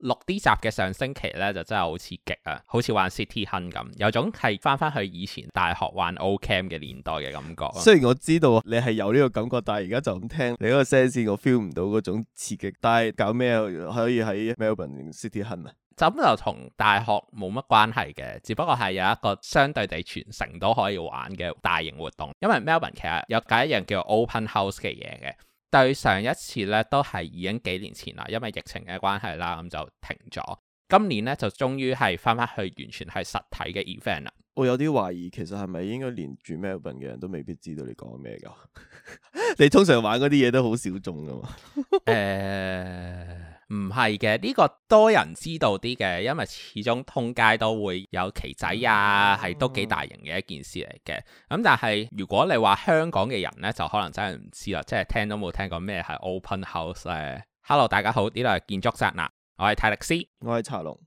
六啲集嘅上星期咧，就真係好刺激啊！好似玩 City Hunt 咁，有種係翻翻去以前大學玩 Old Camp 嘅年代嘅感覺。雖然我知道你係有呢個感覺，但係而家就咁聽你嗰個聲線，我 feel 唔到嗰種刺激。但係搞咩可以喺 Melbourne City Hunt 啊？就咁就同大學冇乜關係嘅，只不過係有一個相對地全城都可以玩嘅大型活動。因為 Melbourne 其實有計一樣叫 Open House 嘅嘢嘅。對上一次咧都係已經幾年前啦，因為疫情嘅關係啦，咁就停咗。今年咧就終於係翻翻去完全係實體嘅 event 啦。我有啲懷疑，其實係咪應該連住 Melbourne 嘅人都未必知道你講咩噶？ 你通常玩嗰啲嘢都好小眾噶嘛？誒、 uh、～唔係嘅，呢、這個多人知道啲嘅，因為始終通街都會有旗仔啊，係都幾大型嘅一件事嚟嘅。咁、嗯、但係如果你話香港嘅人呢，就可能真係唔知啦，即係聽都冇聽過咩係 Open House 誒。Hello，大家好，呢度係建築宅男，我係泰迪斯，我係茶龍。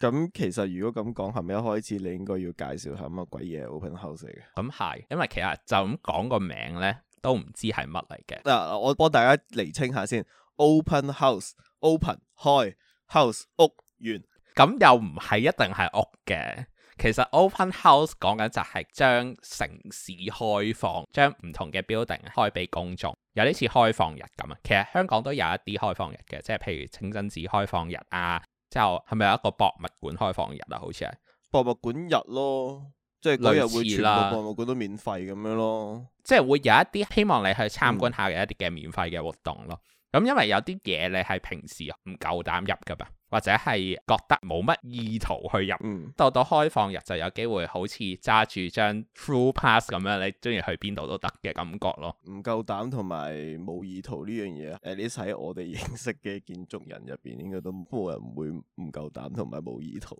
咁其實如果咁講，係咪一開始你應該要介紹下乜鬼嘢 open house 嚟嘅？咁係、嗯，因為其實就咁講個名咧，都唔知係乜嚟嘅。嗱，我幫大家釐清下先。Open house，open 開 house 屋園。咁又唔係一定係屋嘅。其實 open house 講緊就係將城市開放，將唔同嘅 building 開俾公眾，有啲似開放日咁啊。其實香港都有一啲開放日嘅，即係譬如清真寺開放日啊。之後係咪有一個博物館開放日啊？好似係博物館日咯，即係嗰日會全部博物館都免費咁樣咯，即係會有一啲希望你去參觀下嘅一啲嘅免費嘅活動咯。咁因為有啲嘢你係平時唔夠膽入噶嘛，或者係覺得冇乜意圖去入，到、嗯、到開放日就有機會好似揸住張 free pass 咁樣，你中意去邊度都得嘅感覺咯。唔夠膽同埋冇意圖呢樣嘢誒，你睇我哋認識嘅建築人入邊，應該都冇人會唔夠膽同埋冇意圖。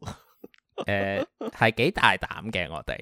誒、 呃，係幾大膽嘅我哋。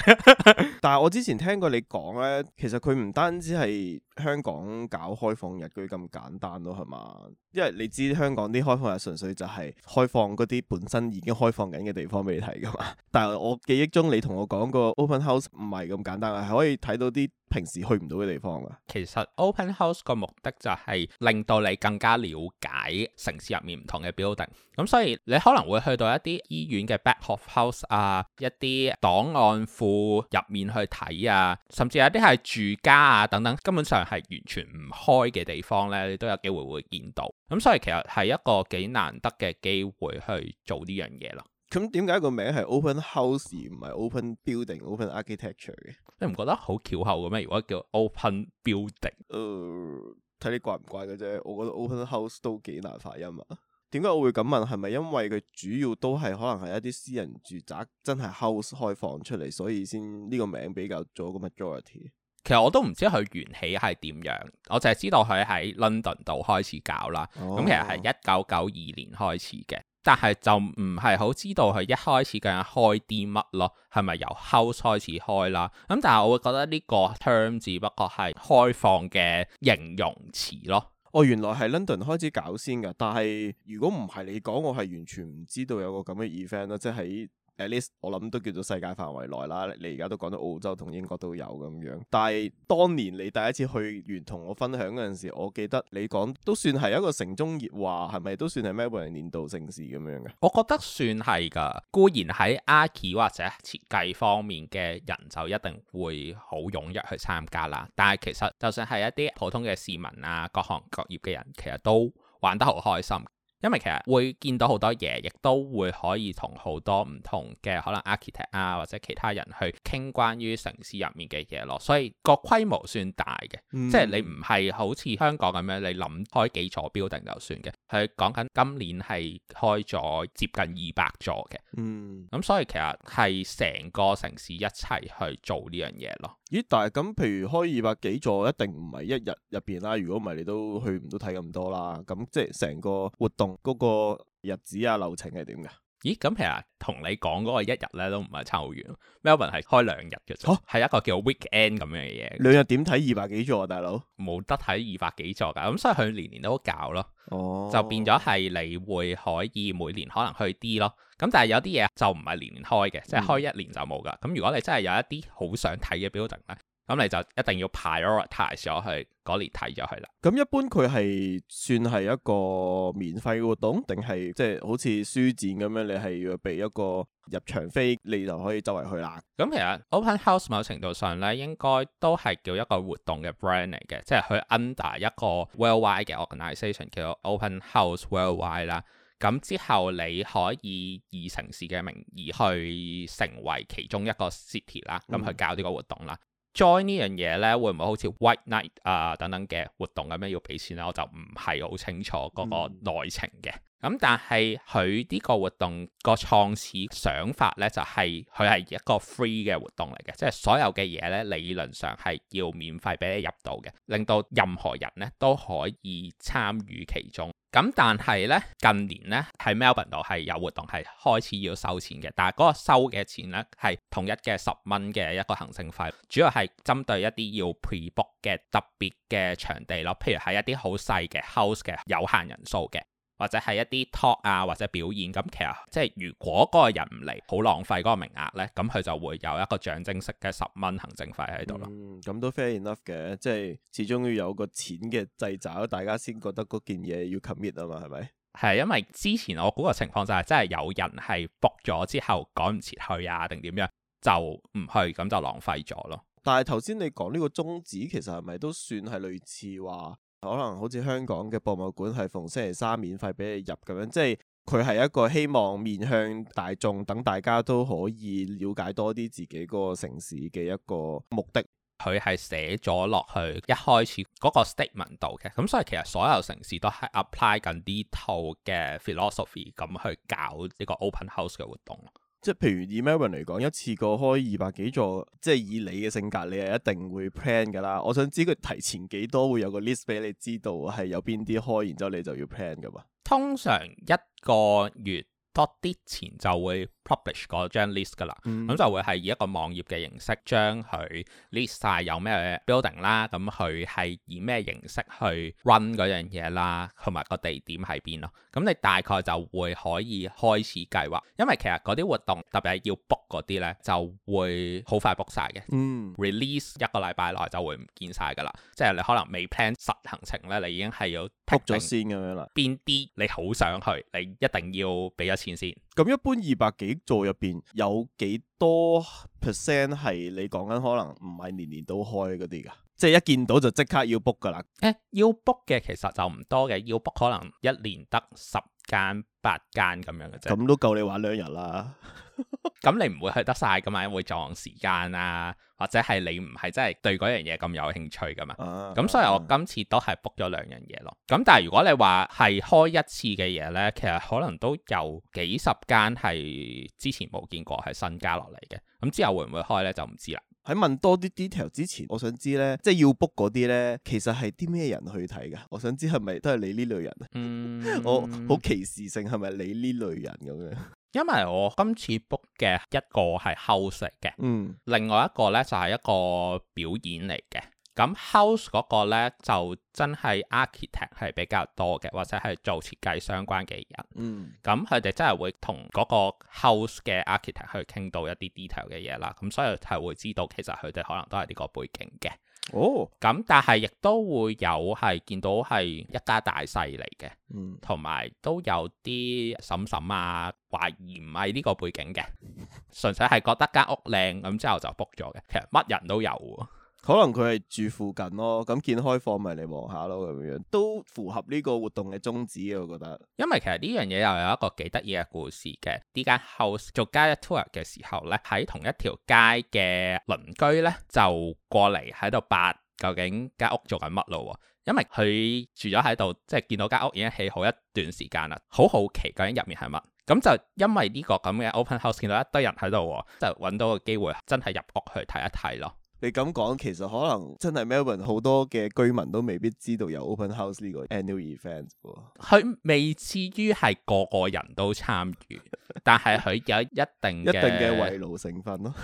但係我之前聽過你講咧，其實佢唔單止係香港搞開放日嗰啲咁簡單咯，係嘛？因為你知香港啲開放日純粹就係開放嗰啲本身已經開放緊嘅地方俾你睇噶嘛。但係我記憶中你同我講過、嗰個、open house 唔係咁簡單，係可以睇到啲平時去唔到嘅地方噶。其實 open house 個目的就係令到你更加了解城市入面唔同嘅 building。咁所以你可能會去到一啲醫院嘅 back of house 啊，一啲檔案入面去睇啊，甚至有啲係住家啊等等，根本上係完全唔開嘅地方咧，你都有機會會見到。咁所以其實係一個幾難得嘅機會去做呢樣嘢咯。咁點解個名係 open house 唔係 open building open architecture 嘅？你唔覺得好巧合嘅咩？如果叫 open building，誒、呃，睇你怪唔怪嘅啫？我覺得 open house 都幾難發音啊。點解我會咁問？係咪因為佢主要都係可能係一啲私人住宅真係 house 開放出嚟，所以先呢個名比較早個 majority？其實我都唔知佢源起係點樣，我淨係知道佢喺 London 度開始搞啦。咁其實係一九九二年開始嘅，但係就唔係好知道佢一開始嘅開啲乜咯，係咪由 house 開始開啦？咁但係我會覺得呢個 term 只不過係開放嘅形容詞咯。哦，原來係 London 開始搞先㗎，但係如果唔係你講，我係完全唔知道有個咁嘅 event 啦，即係。誒，我諗都叫做世界範圍內啦。你而家都講到澳洲同英國都有咁樣，但係當年你第一次去完同我分享嗰陣時，我記得你講都算係一個城中熱話，係咪都算係咩？Melbourne 年度盛事咁樣嘅？我覺得算係㗎。固然喺 Archi 或者設計方面嘅人就一定會好踴躍去參加啦，但係其實就算係一啲普通嘅市民啊，各行各業嘅人，其實都玩得好開心。因為其實會見到好多嘢，亦都會可以同好多唔同嘅可能 architect 啊，或者其他人去傾關於城市入面嘅嘢咯，所以個規模算大嘅，嗯、即係你唔係好似香港咁樣，你諗開幾座 building 就算嘅，係講緊今年係開咗接近二百座嘅，嗯，咁所以其實係成個城市一齊去做呢樣嘢咯，咦？但係咁譬如開二百幾座，一定唔係一日入面啦，如果唔係你都去唔到睇咁多啦，咁即係成個活動。嗰個日子啊流程係點㗎？咦，咁其實同你講嗰個一日咧都唔係差好遠，Melbourne 係開兩日嘅，好係、哦、一個叫 weekend 咁樣嘅嘢。兩日點睇二百幾座啊，大佬？冇得睇二百幾座㗎，咁所以佢年年都搞咯，哦、就變咗係你會可以每年可能去啲咯。咁但係有啲嘢就唔係年年開嘅，嗯、即係開一年就冇㗎。咁如果你真係有一啲好想睇嘅 building 咧。咁你就一定要 prioritize 咗佢嗰年睇咗佢啦。咁一般佢係算係一個免費活動，定係即係好似書展咁樣？你係要俾一個入場飛，你就可以周圍去啦。咁其實 Open House 某程度上咧，應該都係叫一個活動嘅 brand 嚟嘅，即係佢 under 一個 worldwide 嘅 organisation 叫 Open House Worldwide 啦。咁之後你可以以城市嘅名義去成為其中一個 city 啦，咁去搞呢個活動啦。join 呢樣嘢咧，會唔會好似 White Night 啊、uh, 等等嘅活動咁樣要俾錢咧？我就唔係好清楚嗰個內情嘅。咁但係佢呢個活動個創始想法咧，就係佢係一個 free 嘅活動嚟嘅，即係所有嘅嘢咧，理論上係要免費俾你入到嘅，令到任何人咧都可以參與其中。咁但係咧，近年咧喺 Melbourne 度係有活動，係開始要收錢嘅。但係嗰個收嘅錢咧，係統一嘅十蚊嘅一個行政費，主要係針對一啲要 prebook 嘅特別嘅場地咯，譬如係一啲好細嘅 house 嘅有限人數嘅。或者係一啲 talk 啊，或者表演咁，其實即係如果嗰個人唔嚟，好浪費嗰個名額咧，咁佢就會有一個象徵式嘅十蚊行政費喺度咯。嗯，咁都 fair enough 嘅，即係始終要有個錢嘅掣肘，大家先覺得嗰件嘢要 commit 啊嘛，係咪？係，因為之前我估嘅情況就係、是，即係有人係 book 咗之後趕唔切去啊，定點樣就唔去，咁就浪費咗咯。但係頭先你講呢個宗旨，其實係咪都算係類似話？可能好似香港嘅博物館係逢星期三免費俾你入咁樣，即係佢係一個希望面向大眾，等大家都可以了解多啲自己個城市嘅一個目的。佢係寫咗落去一開始嗰個 statement 度嘅，咁所以其實所有城市都係 apply 緊啲套嘅 philosophy 咁去搞一個 open house 嘅活動。即係譬如以 Melbourne 嚟講，一次過開二百幾座，即係以你嘅性格，你係一定會 plan 噶啦。我想知佢提前幾多會有個 list 俾你知道係有邊啲開，然之後你就要 plan 噶嘛？通常一個月多啲前就會。publish 嗰張 list 噶啦，咁、嗯、就會係以一個網頁嘅形式將佢 list 晒，有咩 building 啦，咁佢係以咩形式去 run 嗰樣嘢啦，同埋個地點喺邊咯。咁你大概就會可以開始計劃，因為其實嗰啲活動特別係要 book 嗰啲咧，就會好快 book 晒嘅。嗯，release 一個禮拜內就會唔見晒噶啦，即係你可能未 plan 實行程咧，你已經係要 book 咗先咁樣啦。邊啲你好想去，你一定要俾咗錢先。咁一般二百幾座入邊有幾多 percent 係你講緊可能唔係年年都開嗰啲噶，即係一見到就即刻要 book 噶啦？誒、欸、要 book 嘅其實就唔多嘅，要 book 可能一年得十。間八間咁樣嘅啫，咁都夠你玩兩日啦。咁 你唔會去得晒噶嘛？因為會撞時間啊，或者係你唔係真係對嗰樣嘢咁有興趣噶嘛？咁、啊、所以我今次都係 book 咗兩樣嘢咯。咁但係如果你話係開一次嘅嘢呢，其實可能都有幾十間係之前冇見過係新加落嚟嘅。咁之後會唔會開呢？就唔知啦。喺問多啲 detail 之前，我想知咧，即係要 book 嗰啲咧，其實係啲咩人去睇㗎？我想知係咪都係你呢類人？嗯， 我好歧視性係咪你呢類人咁樣？ 因為我今次 book 嘅一個係後食嘅，嗯，另外一個咧就係、係、一個表演嚟嘅。咁 house 嗰個咧就真係 architect 係比較多嘅，或者係做設計相關嘅人。嗯，咁佢哋真係會同嗰個 house 嘅 architect 去傾到一啲 detail 嘅嘢啦。咁所以係會知道其實佢哋可能都係呢個背景嘅。哦，咁但係亦都會有係見到係一家大細嚟嘅。嗯，同埋都有啲嬸嬸啊，懷疑唔係呢個背景嘅， 純粹係覺得間屋靚咁之後就 book 咗嘅。其實乜人都有。可能佢係住附近咯，咁見開放咪嚟望下咯，咁樣都符合呢個活動嘅宗旨，我覺得，因為其實呢樣嘢又有一個幾得意嘅故事嘅。呢間 house 做加一 tour 嘅時候呢，喺同一條街嘅鄰居呢就過嚟喺度八，究竟間屋做緊乜咯。因為佢住咗喺度，即係見到間屋已經起好一段時間啦，好好奇究竟入面係乜。咁就因為呢個咁嘅 open house 見到一堆人喺度，就揾到個機會真係入屋去睇一睇咯。你咁講，其實可能真係 Melbourne 好多嘅居民都未必知道有 Open House 呢個 annual event 喎。佢未至於係個個人都參與， 但係佢有一定嘅一定嘅慰勞成分咯。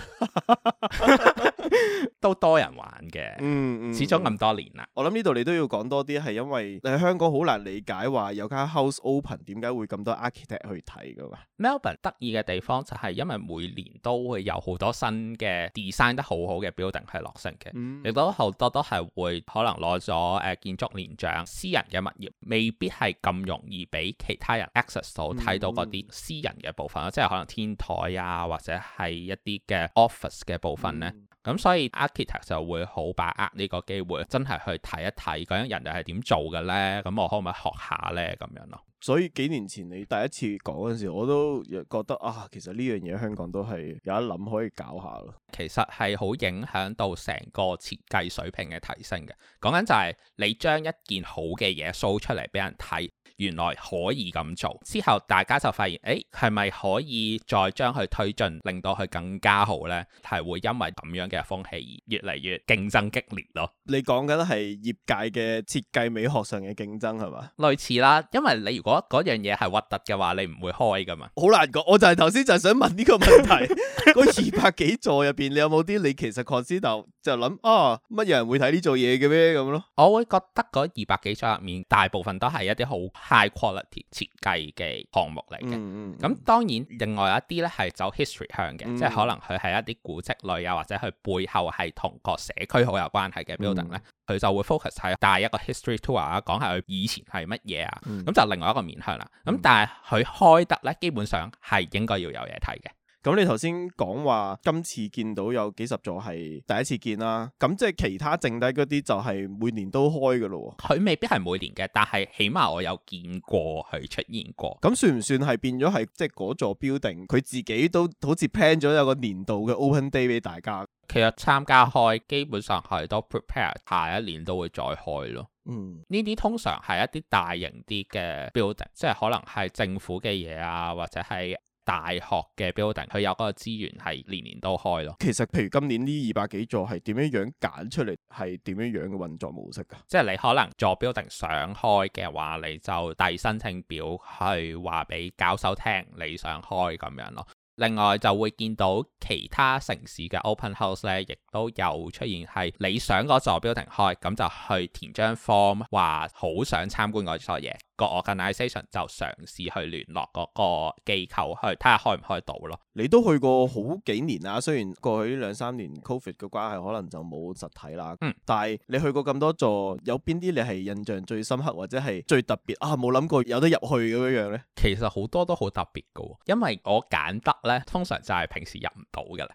都多人玩嘅，嗯，嗯，始終咁多年啦。我諗呢度你都要講多啲，係因為你喺香港好難理解話有間 house open，點解會咁多 architect 去睇噶嘛？Melbourne 得意嘅地方就係因為每年都會有好多新嘅 design 得好好嘅 building 係落成嘅，亦都好多都係會可能攞咗誒建築年獎。私人嘅物業未必係咁容易俾其他人 access 到睇，嗯、到嗰啲私人嘅部分，嗯嗯、即係可能天台啊，或者係一啲嘅 office 嘅部分咧。嗯咁所以 architect 就會好把握呢個機會，真係去睇一睇究竟人哋係點做嘅呢，咁我可唔可以學下呢？咁樣咯。所以幾年前你第一次講嗰陣時，我都覺得啊，其實呢樣嘢香港都係有一諗可以搞下咯。其實係好影響到成個設計水平嘅提升嘅。講緊就係你將一件好嘅嘢 show 出嚟俾人睇。原來可以咁做，之後大家就發現，誒，係咪可以再將佢推進，令到佢更加好呢？係會因為咁樣嘅風氣而越嚟越競爭激烈咯。你講緊係業界嘅設計美學上嘅競爭係嘛？類似啦，因為你如果嗰樣嘢係核突嘅話，你唔會開噶嘛。好難講，我就係頭先就係想問呢個問題。嗰二百幾座入邊，你有冇啲你其實 concept 就諗啊，乜人會睇呢座嘢嘅咩咁咯？我會覺得嗰二百幾座入面，大部分都係一啲好。High quality 設計嘅項目嚟嘅，咁、嗯嗯、當然另外一啲咧係走 history 向嘅，嗯、即係可能佢係一啲古蹟類、啊，又或者佢背後係同個社區好有關係嘅 building 咧、er，佢、嗯、就會 focus 喺帶一個 history tour 啊，講下佢以前係乜嘢啊，咁、嗯、就另外一個面向啦。咁、嗯、但係佢開得咧，基本上係應該要有嘢睇嘅。咁你頭先講話今次見到有幾十座係第一次見啦，咁即係其他剩低嗰啲就係每年都開嘅咯。佢未必係每年嘅，但係起碼我有見過佢出現過。咁算唔算係變咗係即係嗰座 building 佢自己都好似 plan 咗有個年度嘅 open day 俾大家？其實參加開基本上係都 prepare，下一年都會再開咯。嗯，呢啲通常係一啲大型啲嘅 building，即係可能係政府嘅嘢啊，或者係。大學嘅 building，佢有嗰個資源係年年都開咯。其實，譬如今年呢二百幾座係點樣樣揀出嚟，係點樣樣嘅運作模式㗎？即係你可能座 building 想開嘅話，你就遞申請表去話俾教授聽你想開咁樣咯。另外就會見到其他城市嘅 open house 咧，亦都有出現係你想嗰座 building 開，咁就去填張 form 話好想參觀嗰座嘢。個 organisation 就嘗試去聯絡嗰個機構去睇下開唔開到咯。你都去過好幾年啦、啊，雖然過去呢兩三年 Covid 嘅關係可能就冇實體啦。嗯、但係你去過咁多座，有邊啲你係印象最深刻或者係最特別啊？冇諗過有得入去咁樣樣呢？其實好多都好特別嘅喎，因為我揀得呢，通常就係平時入唔到嘅啦。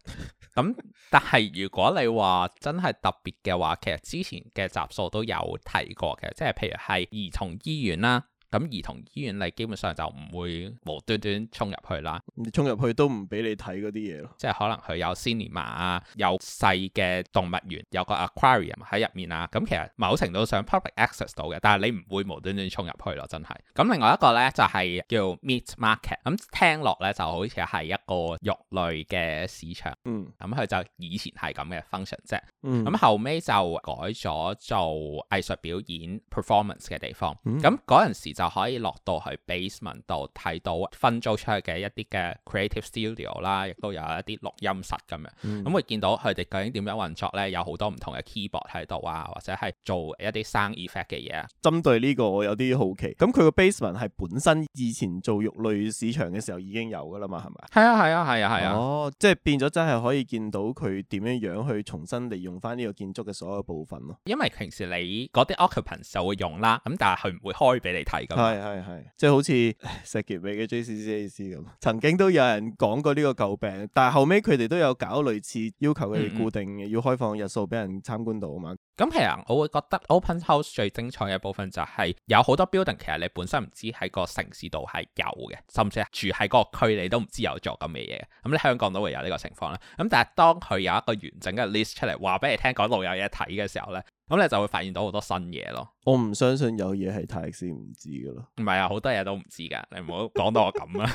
咁 但係如果你話真係特別嘅話，其實之前嘅集數都有提過嘅，即係譬如係兒童醫院啦、啊。咁兒童醫院你基本上就唔會無端端衝入去啦。你衝入去都唔俾你睇啲嘢咯。即係可能佢有 cinema 啊，有細嘅動物園，有個 aquarium 喺入面啊。咁其實某程度上 public access 到嘅，但係你唔會無端端衝入去咯，真係。咁另外一個咧就係叫 meat market。咁聽落咧就好似係一個肉類嘅市場。嗯。咁佢就以前係咁嘅 function 啫。嗯。咁後尾就改咗做藝術表演 performance 嘅地方。咁嗰陣時就。就可以落到去 basement 度睇到分租出去嘅一啲嘅 creative studio 啦，亦都有一啲錄音室咁樣。咁、嗯、會見到佢哋究竟點樣運作咧？有好多唔同嘅 keyboard 喺度啊，或者係做一啲聲 effect 嘅嘢。針對呢個我有啲好奇。咁佢個 basement 係本身以前做肉類市場嘅時候已經有噶啦嘛？係咪？係啊，係啊，係啊，係啊。哦，oh，即係變咗真係可以見到佢點樣樣去重新利用翻呢個建築嘅所有部分咯。因為平時你啲 occupants 就會用啦，咁但係佢唔會開俾你睇。係係係，即係好似石硖尾嘅 JCCS 咁，曾經都有人講過呢個舊病，但係後尾佢哋都有搞類似要求佢哋固定，要開放日數俾人參觀到啊嘛。咁其實我會覺得 Open House 最精彩嘅部分就係有好多 building，其實你本身唔知喺個城市度係有嘅，甚至住喺個區你都唔知有做咁嘅嘢。咁你香港都會有呢個情況啦。咁但係當佢有一個完整嘅 list 出嚟話俾你聽，講路有嘢睇嘅時候咧。咁你就會發現到好多新嘢咯。我唔相信有嘢係泰迪斯唔知噶咯。唔係啊，好多嘢都唔知噶。你唔好講到我咁啊。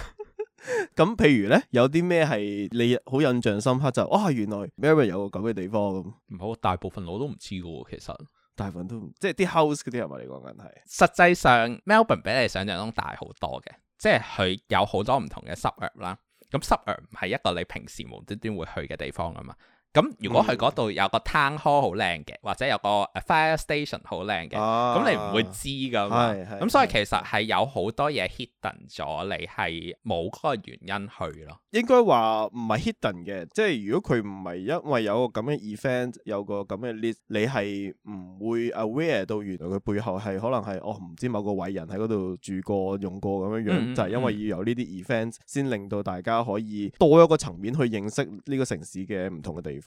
咁 譬如咧，有啲咩係你好印象深刻就是、哦，原來 Melbourne 有個咁嘅地方咁。唔好，大部分我都唔知噶喎。其實大部分都即係啲 house 嗰啲人話你講緊係。實際上 Melbourne 比你想象中大好多嘅，即係佢有好多唔同嘅 suburb 啦。咁 suburb 係一個你平時無端端會去嘅地方啊嘛。咁、嗯、如果佢度有個、Town hall 好靚嘅，或者有個 fire station 好靚嘅，咁、啊、你唔會知噶嘛？咁所以其實係有好多嘢 hidden 咗，你係冇個原因去咯。應該話唔係 hidden 嘅，即係如果佢唔係因為有個咁嘅 event，有個咁嘅 list，你係唔會 aware 到原來佢背後係可能係哦唔知某個偉人喺度住過用過咁樣樣，嗯嗯、就係因為要有呢啲 event 先令到大家可以多一個層面去認識呢個城市嘅唔同嘅地方。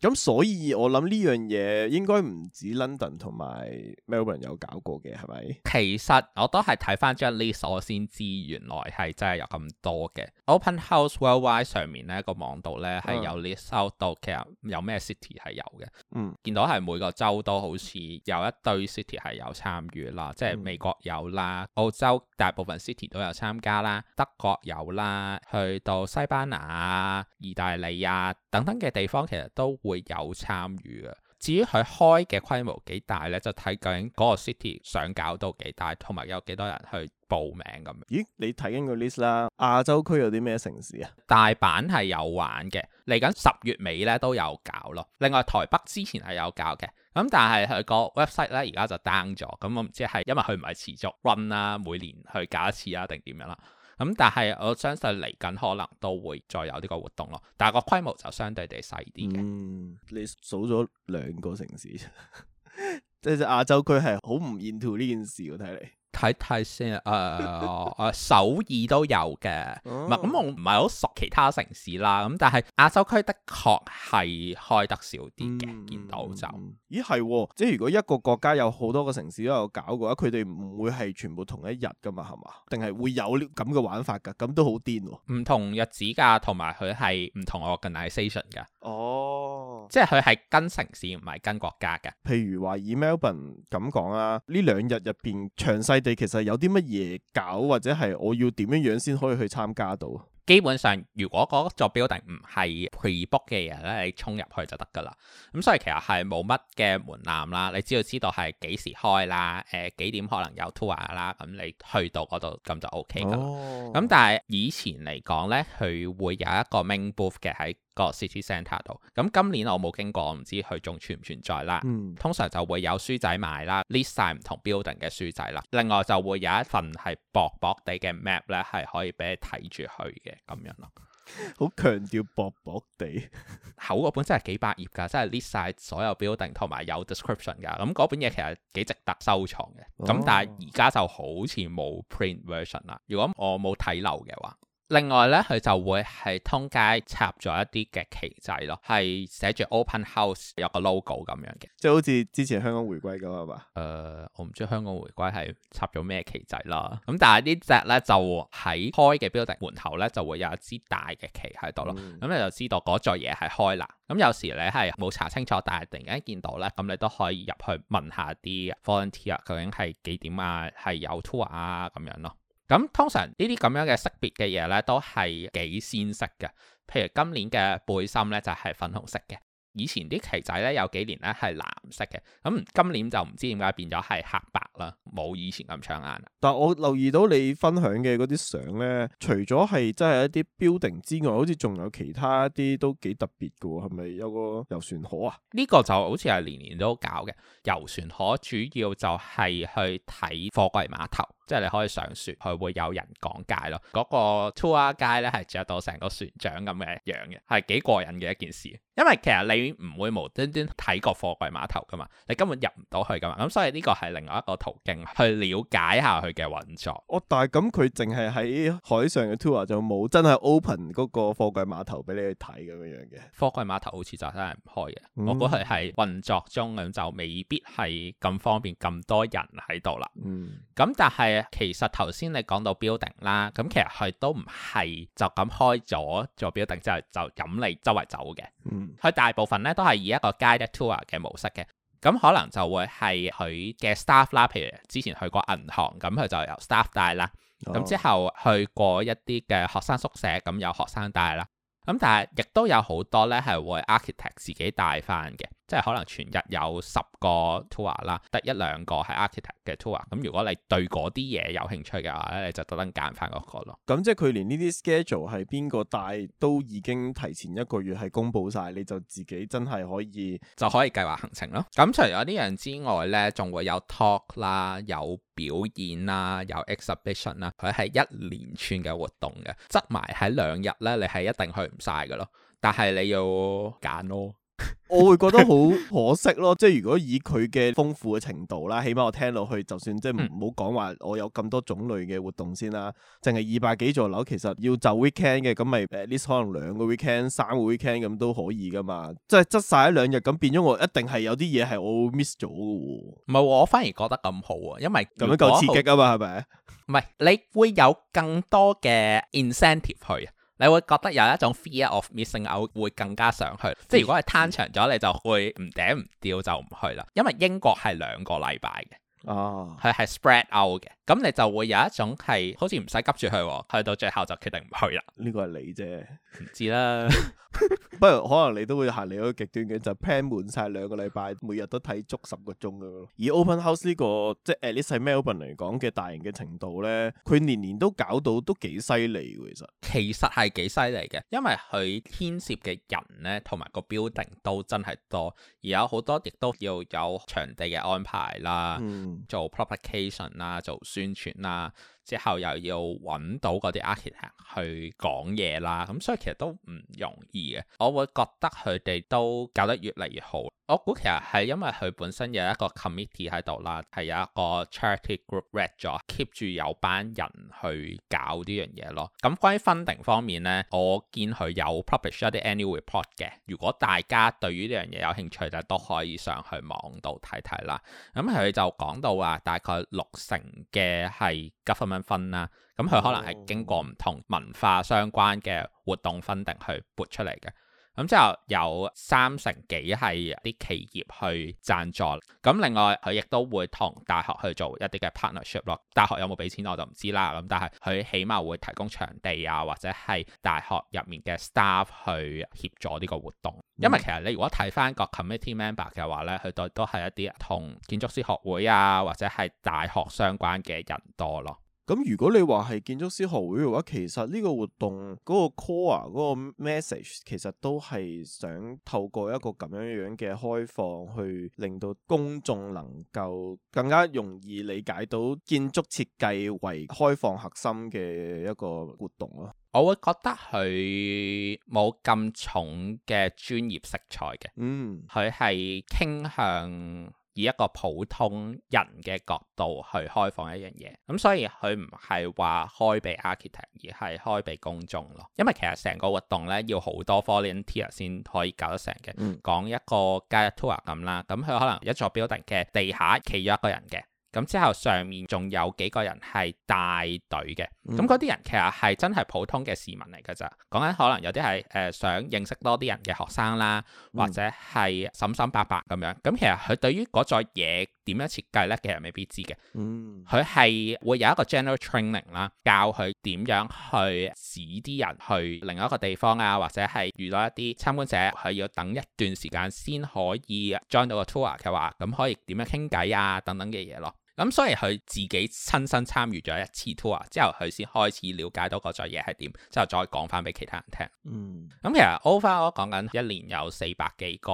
咁所以，我諗呢樣嘢應該唔止 London 同埋 Melbourne 有搞過嘅，係咪？其實我都係睇翻張 list 我先知，原來係真係有咁多嘅。Open House Worldwide 上面咧、呢個網度咧係有 list out、嗯、到其實有咩 city 係有嘅。嗯，見到係每個州都好似有一堆 city 係有參與啦，即係美國有啦，嗯、澳洲大部分 city 都有參加啦，德國有啦，去到西班牙、意大利啊等等嘅地方，其實都會。會有參與嘅。至於佢開嘅規模幾大呢，就睇究竟嗰個 city 想搞到幾大，同埋有幾多人去報名咁。咦？你睇緊個 list 啦，亞洲區有啲咩城市啊？大阪係有玩嘅，嚟緊十月尾呢都有搞咯。另外台北之前係有搞嘅，咁但係佢個 website 呢而家就 down 咗，咁我唔知係因為佢唔係持續 run 啦，每年去搞一次啊，定點樣啦？咁但係我相信嚟緊可能都會再有呢個活動咯，但係個規模就相對地細啲嘅。嗯，你數咗兩個城市，即 係亞洲區係好唔 into 呢件事嘅睇嚟。睇睇先，誒誒、呃、 首爾都有嘅，咁 我唔係好熟其他城市啦，咁但係亞洲區的確係開得少啲嘅，嗯、見到就咦係、哦，即係如果一個國家有好多個城市都有搞過，佢哋唔會係全部同一日噶嘛，係嘛？定係會有咁嘅玩法噶？咁都好癲喎、啊！唔同日子㗎，同埋佢係唔同 organization 嘅。哦。即係佢係跟城市唔係跟國家嘅。譬如話以 Melbourne 咁講啊，呢兩日入邊詳細地其實有啲乜嘢搞，或者係我要點樣樣先可以去參加到。基本上如果個座標定唔係 pre-book 嘅人咧，你衝入去就得噶啦。咁所以其實係冇乜嘅門檻啦。你只要知道係幾時開啦？誒、呃、幾點可能有 tour 啦？咁你去到嗰度咁就 OK 噶啦。咁、哦、但係以前嚟講咧，佢會有一個 main booth 嘅喺個 city center 度，咁今年我冇經過，我唔知佢仲存唔存在啦。嗯、通常就會有書仔買啦，list 晒唔同 building 嘅書仔啦。另外就會有一份係薄薄地嘅 map 咧，係可以俾你睇住佢嘅咁樣咯。好強調薄薄地，厚 嗰本真係幾百頁㗎，真係 list 晒所有 building 同埋有 description 噶。咁嗰本嘢其實幾值得收藏嘅。咁、哦、但係而家就好似冇 print version 啦。如果我冇睇漏嘅話。另外咧，佢就會係通街插咗一啲嘅旗仔咯，係寫住 Open House 有個 logo 咁樣嘅，即係好似之前香港回歸咁係嘛？誒、呃，我唔知香港回歸係插咗咩旗仔啦。咁、嗯、但係呢隻咧就喺開嘅標題門口咧就會有一支大嘅旗喺度咯。咁、嗯嗯、你就知道嗰座嘢係開啦。咁、嗯、有時你係冇查清楚，但係突然間見到咧，咁你都可以入去問下啲 volunteer 究竟係幾點啊，係有 tour 啊咁樣咯。咁通常呢啲咁樣嘅識別嘅嘢咧，都係幾鮮色嘅。譬如今年嘅背心咧就係粉紅色嘅，以前啲旗仔咧有幾年咧係藍色嘅，咁今年就唔知點解變咗係黑白啦，冇以前咁搶眼啦。但係我留意到你分享嘅嗰啲相咧，除咗係真係一啲 building 之外，好似仲有其他啲都幾特別㗎，係咪有個遊船河啊？呢個就好似係年年都搞嘅遊船河，主要就係去睇貨櫃碼頭。即係你可以上船，佢會有人講解咯。嗰、那個 tour guide 咧係著到成個船長咁嘅樣嘅，係幾過癮嘅一件事。因為其實你唔會無端端睇個貨櫃碼頭噶嘛，你根本入唔到去噶嘛。咁所以呢個係另外一個途徑去了解下佢嘅運作。哦，但係咁佢淨係喺海上嘅 tour 就冇真係 open 嗰個貨櫃碼頭俾你去睇咁樣嘅。貨櫃碼頭好似就真係唔開嘅，嗯、我覺得係運作中咁就未必係咁方便咁多人喺度啦。嗯，咁但係。其實頭先你講到 building 啦，咁其實佢都唔係就咁開咗做 building 之後就引你周圍走嘅。嗯，佢大部分咧都係以一個 guided tour 嘅模式嘅，咁可能就會係佢嘅 staff 啦，譬如之前去過銀行，咁佢就由 staff 帶啦。咁、Oh. 之後去過一啲嘅學生宿舍，咁有學生帶啦。咁但係亦都有好多咧係會 architect 自己帶翻嘅。即係可能全日有十個 tour 啦，得一兩個係 architect 嘅 tour。咁如果你對嗰啲嘢有興趣嘅話咧，你就特登揀翻嗰個咯。咁即係佢連呢啲 schedule 係邊個帶都已經提前一個月係公佈晒，你就自己真係可以就可以計劃行程咯。咁、嗯、除咗呢樣之外咧，仲會有 talk 啦、有表演啦、有 exhibition 啦，佢係一連串嘅活動嘅，擠埋喺兩日咧，你係一定去唔晒㗎咯。但係你要揀咯。 我會覺得好可惜咯，即係如果以佢嘅豐富嘅程度啦，起碼我聽落去，就算即係唔好講話，嗯、說說我有咁多種類嘅活動先啦，淨係二百幾座樓，其實要就 weekend 嘅，咁咪 at least，可能兩個 weekend、三個 weekend 咁都可以噶嘛，即係執晒一兩日咁變咗，我一定係有啲嘢係我 miss 咗嘅。唔係，我反而覺得咁好啊，因為咁樣夠刺激啊嘛，係咪？唔係，你會有更多嘅 incentive 去。你會覺得有一種 fear of missing out 會更加想去，即係如果係攤長咗，你就會唔頂唔掉就唔去啦，因為英國係兩個禮拜嘅。哦，佢係、啊、spread out 嘅，咁你就會有一種係好似唔使急住去，去到最後就決定唔去啦。呢個係你啫，唔知啦。不過可能你都會行你嗰個極端嘅，就係、plan 滿晒兩個禮拜， 每日都睇足十個鐘咁咯。而 open house 呢、這個即係 at least Melbourne 嚟講嘅大型嘅程度咧，佢年年都搞到都幾犀利其實。其實係幾犀利嘅，因為佢牽涉嘅人咧，同埋個 building 都真係多，而有好多亦都要有場地嘅安排啦。嗯做 publication 啦，做宣傳啦，之後又要揾到嗰啲 architect 去講嘢啦，咁所以其實都唔容易嘅。我會覺得佢哋都搞得越嚟越好。我估其實係因為佢本身有一個 committee 喺度啦，係有一個 charity group rate 咗，keep 住有班人去搞呢樣嘢咯。咁、嗯、關於 funding 方面咧，我見佢有 publish 一啲 annual report 嘅。如果大家對於呢樣嘢有興趣，就都可以上去網度睇睇啦。咁、嗯、佢就講到話，大概六成嘅係 government fund 啦、嗯。咁佢可能係經過唔同文化相關嘅活動 funding 去撥出嚟嘅。咁就有三成幾係啲企業去贊助，咁另外佢亦都會同大學去做一啲嘅 partnership 咯。大學有冇俾錢我就唔知啦，咁但係佢起碼會提供場地啊，或者係大學入面嘅 staff 去協助呢個活動。因為其實你如果睇翻個 committee member 嘅話咧，佢都都係一啲同建築師學會啊，或者係大學相關嘅人多咯。咁如果你話係建築師學會嘅話，其實呢個活動嗰個 core 嗰個 message 其實都係想透過一個咁樣樣嘅開放，去令到公眾能夠更加容易理解到建築設計為開放核心嘅一個活動咯。我會覺得佢冇咁重嘅專業色彩嘅，嗯，佢係傾向。以一個普通人嘅角度去開放一樣嘢，咁所以佢唔係話開俾 architect，而係開俾公眾咯。因為其實成個活動咧要好多 volunteer 先可以搞得成嘅。講、嗯、一個 guide tour 咁啦，咁佢可能一座 building 突然間地下企咗一個人嘅。咁之後上面仲有幾個人係帶隊嘅，咁嗰啲人其實係真係普通嘅市民嚟㗎咋，講緊可能有啲係誒想認識多啲人嘅學生啦，嗯、或者係嬸嬸伯伯咁樣，咁其實佢對於嗰座嘢點樣設計呢，其實未必知嘅。佢係、嗯、會有一個 general training 啦，教佢點樣去指啲人去另外一個地方啊，或者係遇到一啲參觀者佢要等一段時間先可以 join 到個 tour 嘅話，咁可以點樣傾偈啊等等嘅嘢咯。咁所以佢自己親身參與咗一次 tour 之後，佢先開始了解到個作業係點，之後再講翻俾其他人聽。嗯，咁其實 overall 我講緊一年有四百幾個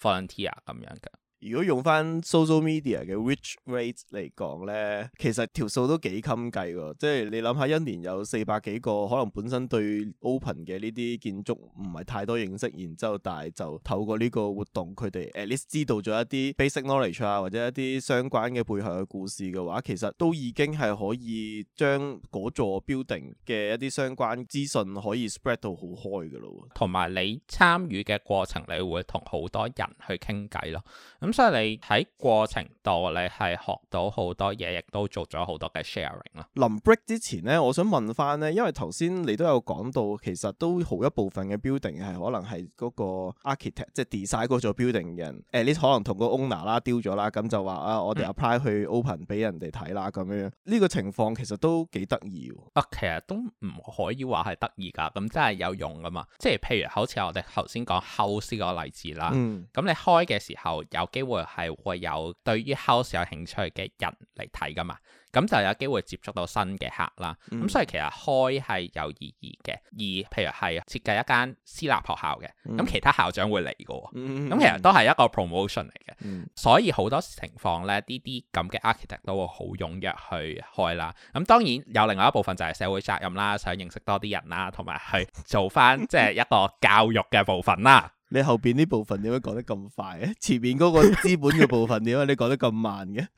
volunteer 咁樣嘅。如果用翻 social media 嘅 reach rate 嚟講呢，其實條數都幾襟計㗎，即係你諗下一年有四百幾個，可能本身對 open 嘅呢啲建築唔係太多認識，然之後但係就透過呢個活動，佢哋 at least 知道咗一啲 basic knowledge 啊，或者一啲相關嘅背後嘅故事嘅話，其實都已經係可以將嗰座 building 嘅一啲相關資訊可以 spread 到好開噶咯，同埋你參與嘅過程，你會同好多人去傾偈咯。咁、嗯、所以你喺過程度，你係學到好多嘢，亦都做咗好多嘅 sharing 啦。臨 break 之前咧，我想問翻咧，因為頭先你都有講到，其實都好一部分嘅 building 係可能係個 architect 即係 design 座 building 嘅人，誒、呃、你可能同個 owner 啦丟咗啦，咁就話啊，我哋 apply 去 open 俾人哋睇啦，咁樣樣呢、呢個情況其實都幾得意㗎。啊，其實都唔可以話係得意噶，咁真係有用㗎嘛。即係譬如好似我哋頭先講 house 個例子啦，咁、嗯、你開嘅時候有機會係會有對於 house 有興趣嘅人嚟睇噶嘛，咁就有機會接觸到新嘅客啦。咁、嗯、所以其實開係有意義嘅。而譬如係設計一間私立學校嘅，咁、嗯、其他校長會嚟嘅，咁、嗯、其實都係一個 promotion 嚟嘅。嗯、所以好多情況咧，呢啲咁嘅 architect 都會好踴躍去開啦。咁當然有另外一部分就係社會責任啦，想認識多啲人啦，同埋去做翻即係一個教育嘅部分啦。 你後邊呢部分點解講得咁快嘅？前面嗰個資本嘅部分點解你講得咁慢嘅？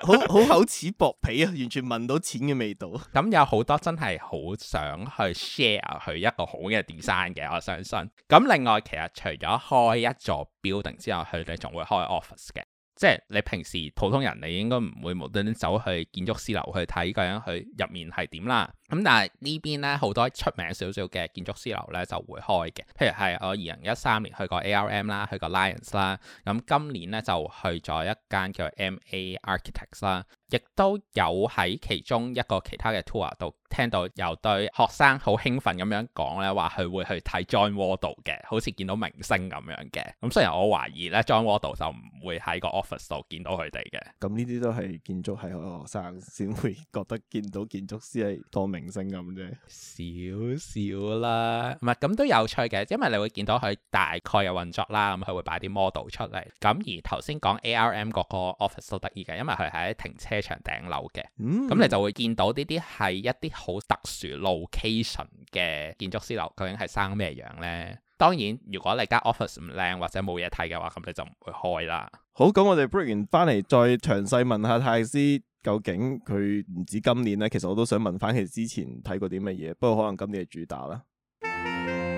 好好口齒薄皮啊，完全聞到錢嘅味道。咁、嗯、有好多真係好想去 share 佢一個好嘅 design 嘅，我相信。咁另外，其實除咗開一座 building 之外，佢哋仲會開 office 嘅。即係你平時普通人，你應該唔會無端端走去建築師樓去睇究竟佢入面係點啦。咁但係呢邊呢，好多出名少少嘅建築師樓呢就會開嘅。譬如係我二零一三年去過 ARM 啦，去過 Lions 啦。咁今年呢就去咗一間叫 MA Architects 啦。亦都有喺其中一個其他嘅 tour 度聽到有對學生好興奮咁樣講咧，話佢會去睇 John Wardle 嘅，好似見到明星咁樣嘅。咁雖然我懷疑咧 John Wardle 就唔會喺個 office 度見到佢哋嘅。咁呢啲都係建築系學生先會覺得見到建築師係當明星咁啫。少少啦，唔係咁都有趣嘅，因為你會見到佢大概嘅運作啦。咁佢會擺啲 model 出嚟。咁而頭先講 ARM 嗰個 office 都得意嘅，因為佢喺停車。長頂樓嘅，咁、嗯、你就會見到呢啲係一啲好特殊 location 嘅建築師樓，究竟係生咩樣呢？當然，如果你間 office 唔靚或者冇嘢睇嘅話，咁你就唔會開啦。好，咁我哋 break 完翻嚟，再詳細問下泰斯，究竟佢唔止今年呢？其實我都想問翻，佢之前睇過啲乜嘢？不過可能今年係主打啦。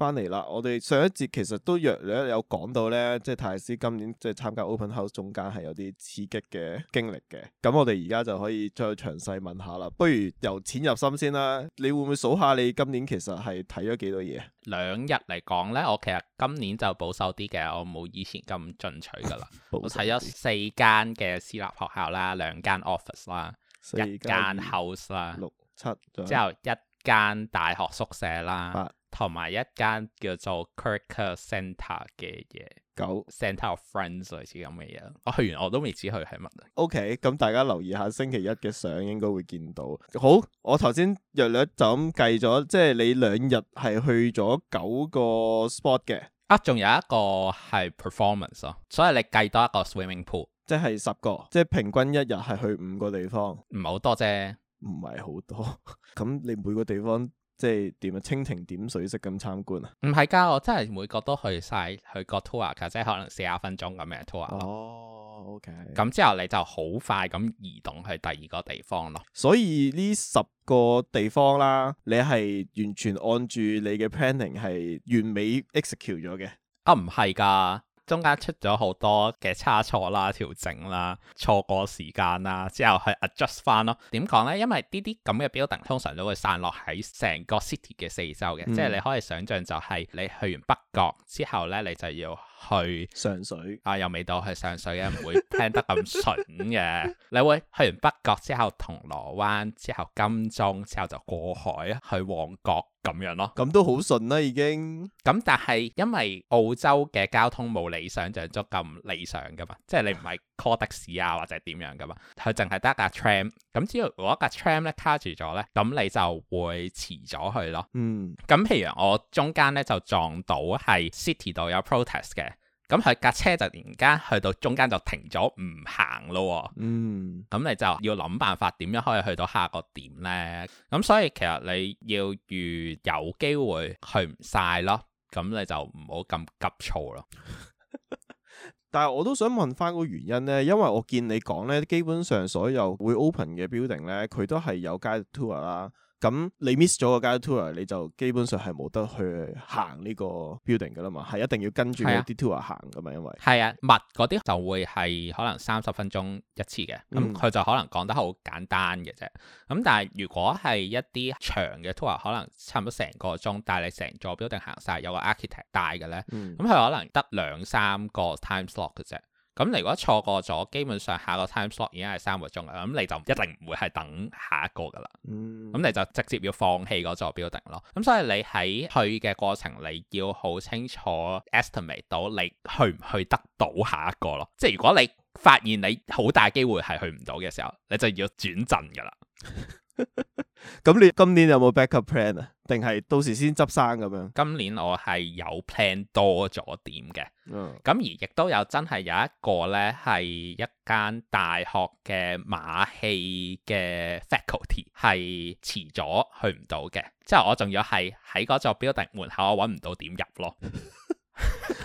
翻嚟啦！我哋上一節其實都約略有講到咧，即係泰迪斯今年即係參加 Open House 中間係有啲刺激嘅經歷嘅。咁我哋而家就可以再詳細問下啦。不如由淺入深先啦。你會唔會數下你今年其實係睇咗幾多嘢？兩日嚟講咧，我其實今年就保守啲嘅，我冇以前咁進取㗎啦。 保守 我睇咗四間嘅私立學校啦，兩間 office 啦，一間 house 啦，六七，之後一間大學宿舍啦。同埋一間叫做 Circus Centre 嘅嘢，九 Centre of Friends 類似咁嘅嘢。我、哦、去完我都未知佢係乜。O K，咁大家留意下星期一嘅相，應該會見到。好，我頭先略略就咁計咗，即係你兩日係去咗九個 spot 嘅。啊，仲有一個係 performance 咯、哦，所以你計多一個 swimming pool，即係十個，即係平均一日係去五個地方，唔係好多啫，唔係好多。咁 你每個地方？即係點啊？蜻蜓點水式咁參觀啊？唔係㗎，我真係每個都去晒，去個 tour 架，即係可能四十分鐘咁樣 tour 咯。哦，oh，OK。咁之後你就好快咁移動去第二個地方咯。所以呢十個地方啦，你係完全按住你嘅 planning 係完美 execute 咗嘅。啊，唔係㗎。中間出咗好多嘅差錯啦、調整啦、錯過時間啦，之後去 adjust 翻咯。點講呢？因為呢啲咁嘅 building 通常都會散落喺成個 city 嘅四周嘅，嗯、即係你可以想象就係你去完北角之後呢，你就要。去上水啊，又未到去上水嘅，唔 會聽得咁順嘅。 你會去完北角之後，銅鑼灣之後，金鐘之後就過海去旺角咁樣咯。咁都好順啦、啊，已經。咁但係因為澳洲嘅交通冇你想像中咁理想噶嘛，即、就、係、是、你唔係 call 的士啊 或者點樣噶嘛，佢淨係得一架 tram。咁只要如果架 tram 咧卡住咗咧，咁你就會遲咗去咯。嗯。咁譬如我中間咧就撞到係 City 度有 protest 嘅。咁佢架車突然間去到中間就停咗唔行咯，咁、嗯、你就要諗辦法點樣可以去到下個點呢？咁所以其實你要預有機會去唔晒咯，咁你就唔好咁急躁咯。 但係我都想問返個原因呢，因為我見你講呢，基本上所有會 open 嘅 building 呢，佢都係有 guided tour 啦。咁你 miss 咗個 guide tour，你就基本上係冇得去行呢個 building 噶啦嘛，係一定要跟住啲 tour 行噶嘛，因為係啊，密嗰啲就會係可能三十分鐘一次嘅，咁、嗯、佢、嗯、就可能講得好簡單嘅啫。咁、嗯、但係如果係一啲長嘅 tour，可能差唔多成個鐘，但係你成座 b 定行晒，有個 architect 帶嘅咧，咁、嗯、佢、嗯嗯、可能得兩三個 time slot 嘅啫。咁如果錯過咗，基本上下個 time slot 已經係三個鐘啦，咁你就一定唔會係等下一個噶啦。咁你就直接要放棄嗰座建築咯。咁所以你喺去嘅過程，你要好清楚 estimate 到你去唔去得到下一個咯。即係如果你發現你好大機會係去唔到嘅時候，你就要轉陣噶啦。 咁你 今年有冇 backup plan 啊？定係到時先執生咁樣？今年我係有 plan 多咗點嘅，嗯，咁而亦都有真係有一個呢，係一間大學嘅馬戲嘅 faculty 係遲咗去唔到嘅，即係我仲要係喺嗰座 building 門口，我揾唔到點入咯。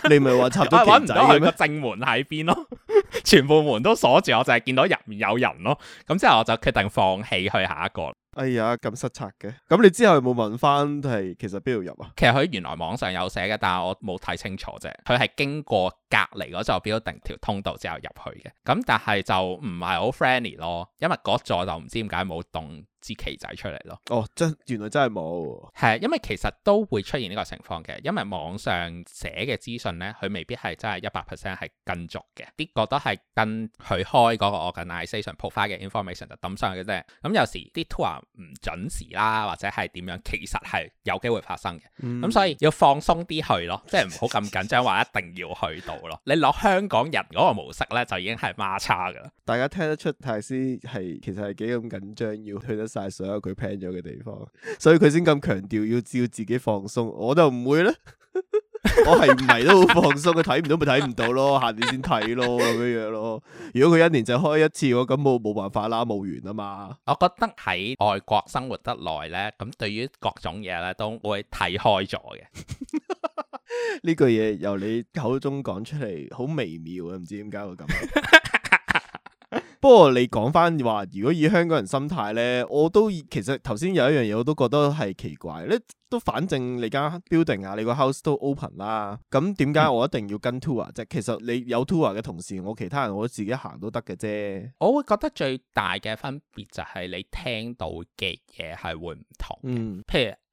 你咪話插唔到， 到正門喺邊咯， 全部門都鎖住，我就係見到入面有人咯。咁之後我就決定放棄去下一個。哎呀，咁失策嘅。咁你之後有冇問翻係其實邊度入啊？其實佢原來網上有寫嘅，但係我冇睇清楚啫。佢係經過隔籬嗰座，標定條通道之後入去嘅。咁但係就唔係好 friendly 咯，因為嗰座就唔知點解冇洞。支旗仔出嚟咯！哦，真原來真係冇，係因為其實都會出現呢個情況嘅，因為網上寫嘅資訊咧，佢未必係真係一百 percent 係跟足嘅，啲覺得係跟佢開嗰個 organization profile 嘅 information 就抌上去嘅啫。咁、嗯、有時啲 tour 唔、er、準時啦，或者係點樣其實係有機會發生嘅。咁、嗯、所以要放鬆啲去咯，即係唔好咁緊張話 一定要去到咯。你攞香港人嗰個模式咧，就已經係孖叉㗎啦。大家聽得出泰斯係其實係幾咁緊張要去得晒所有佢 plan 咗嘅地方，所以佢先咁強調要照自己放鬆。我就唔會啦， 我係唔係都好放鬆？佢睇唔到咪睇唔到咯，下年先睇咯，咁樣樣咯。如果佢一年就開一次，我咁我冇辦法啦，冇完啊嘛。我覺得喺外國生活得耐呢，咁對於各種嘢呢，都會睇開咗嘅。呢 句嘢由你口中講出嚟，好微妙啊！唔知點解會咁。不過你講翻話，如果以香港人心態咧，我都其實頭先有一樣嘢我都覺得係奇怪。你都反正你間 building 啊，你個 house 都 open 啦，咁點解我一定要跟 tour 啫？嗯、其實你有 tour 嘅同時，我其他人我自己行都得嘅啫。我會覺得最大嘅分別就係你聽到嘅嘢係會唔同嘅，嗯、譬如。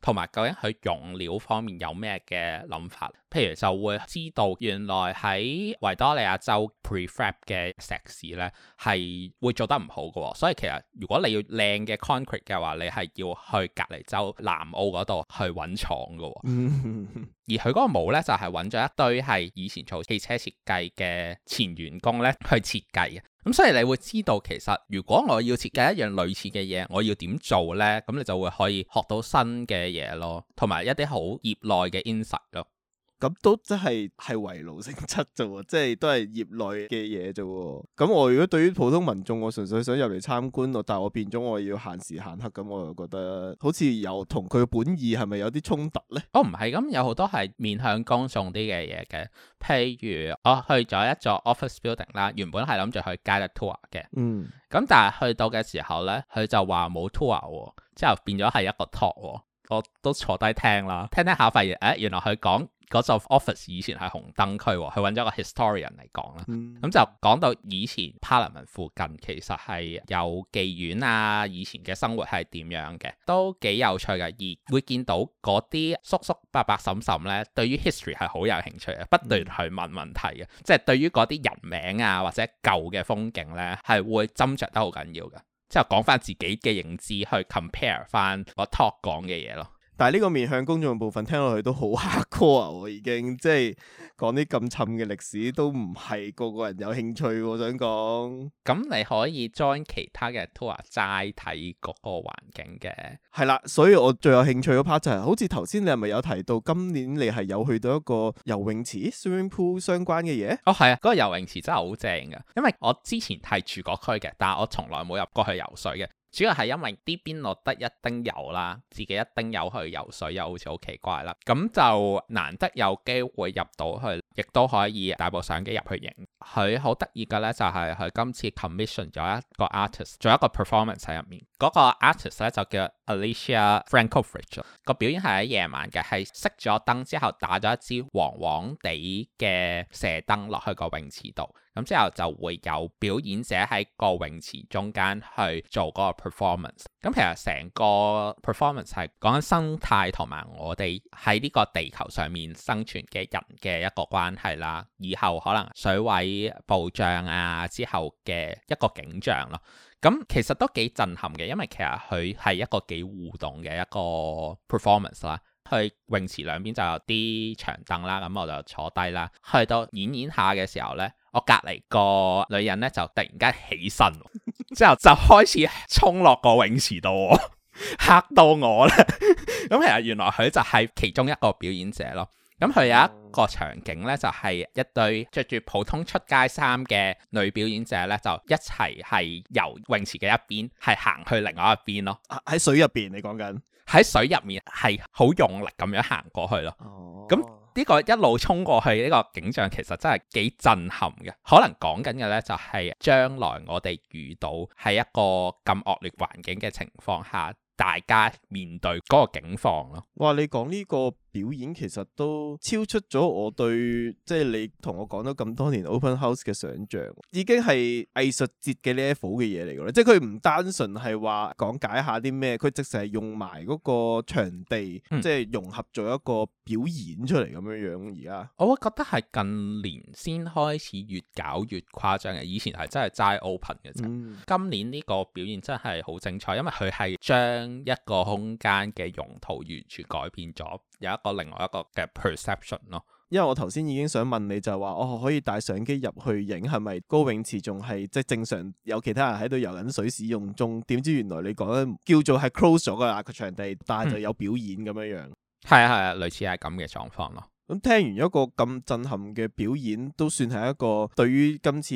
同埋究竟佢用料方面有咩嘅諗法？譬如就會知道原來喺維多利亞州 prefab 嘅石屎咧係會做得唔好㗎，所以其實如果你要靚嘅 concrete 嘅話，你係要去隔離州南澳嗰度去揾廠㗎。 而佢嗰個模咧就係揾咗一堆係以前做汽車設計嘅前員工咧去設計嘅。咁所以你會知道，其實如果我要設計一樣類似嘅嘢，我要點做咧？咁你就會可以學到新嘅嘢咯，同埋一啲好業內嘅 i n s e r tinsight 咯。咁都真係係圍爐性質啫喎，即係都係業內嘅嘢啫喎。咁我如果對於普通民眾，我純粹想入嚟參觀，我但係我變咗我要限時限刻，咁我又覺得好似有同佢本意係咪有啲衝突呢？哦，唔係咁，有好多係面向公眾啲嘅嘢嘅。譬如我去咗一座 office building 啦，原本係諗住去 guided tour 嘅，嗯，咁但係去到嘅時候呢，佢就話冇 tour 喎，之後變咗係一個 talk 喎，我都坐低聽啦，聽聽下發現，誒、哎、原來佢講。嗰座 office 以前係紅燈區，佢揾咗個 historian 嚟講啦，咁、嗯、就講到以前 Parliament 附近其實係有妓院啊，以前嘅生活係點樣嘅，都幾有趣嘅。而會見到嗰啲叔叔伯伯嬸嬸呢，對於 history 係好有興趣嘅，不斷去問問題嘅，即係、嗯、對於嗰啲人名啊或者舊嘅風景呢，係會斟酌得好緊要嘅，之後講翻自己嘅認知去 compare 翻個 talk 講嘅嘢咯。但係呢個面向公眾部分聽落去都好 hardcore 啊！我已經即係講啲咁沉嘅歷史都唔係個個人有興趣。我想講，咁你可以 join 其他嘅 tour 齋睇嗰個環境嘅。係啦，所以我最有興趣嗰 part 就係、是，好似頭先你係咪有提到今年你係有去到一個游泳池 （swimming pool） 相關嘅嘢？哦，係啊，嗰、那個游泳池真係好正㗎，因為我之前係住嗰區嘅，但係我從來冇入過去游水嘅。主要係因為呢邊落得一丁油啦，自己一丁油去游水又好似好奇怪啦，咁就難得有機會入到去，亦都可以帶部相機入去影。佢好得意嘅咧，就係佢今次 commission 咗一個 artist 做一個 performance 喺入面。嗰個 artist 咧就叫 Alicia Frankofridge。個表演係喺夜晚嘅，係熄咗燈之後打咗一支黃黃地嘅射燈落去個泳池度，咁之後就會有表演者喺個泳池中間去做嗰個 performance。咁其實成個 performance 係講緊生態同埋我哋喺呢個地球上面生存嘅人嘅一個關係啦。以後可能水位暴漲啊之後嘅一個景象咯。咁其實都幾震撼嘅，因為其實佢係一個幾互動嘅一個 performance 啦。去泳池兩邊就有啲長凳啦，咁我就坐低啦。去到演演下嘅時候呢，我隔籬個女人呢就突然間起身，之後就開始衝落個泳池度，嚇到我啦。咁 其實原來佢就係其中一個表演者咯。咁佢有一個場景呢，就係、是、一對着住普通出街衫嘅女表演者呢，就一齊係游泳池嘅一邊係行去另外一邊咯。喺、啊、水入邊，你講緊喺水入面係好用力咁樣行過去咯。咁呢、哦、個一路衝過去呢、這個景象，其實真係幾震撼嘅。可能講緊嘅呢，就係、是、將來我哋遇到喺一個咁惡劣環境嘅情況下，大家面對嗰個境況咯。哇！你講呢、這個～表演其實都超出咗我對即係你同我講咗咁多年 Open House 嘅想像，已經係藝術節嘅 level 嘅嘢嚟㗎啦。即係佢唔單純係話講解下啲咩，佢直成係用埋嗰個場地，嗯、即係融合咗一個表演出嚟咁樣樣。而家我覺得係近年先開始越搞越誇張嘅，以前係真係齋 open 嘅啫。嗯、今年呢個表演真係好精彩，因為佢係將一個空間嘅用途完全改變咗，有個另外一個嘅 perception 咯，因為我頭先已經想問你就係話，我可以帶相機入去影，係咪高泳池仲係即係正常有其他人喺度遊緊水使用中？點知原來你講緊叫做係 close 咗個場地，但係就有表演咁樣樣。係啊係啊，類似係咁嘅狀況咯。咁聽完一個咁震撼嘅表演，都算係一個對於今次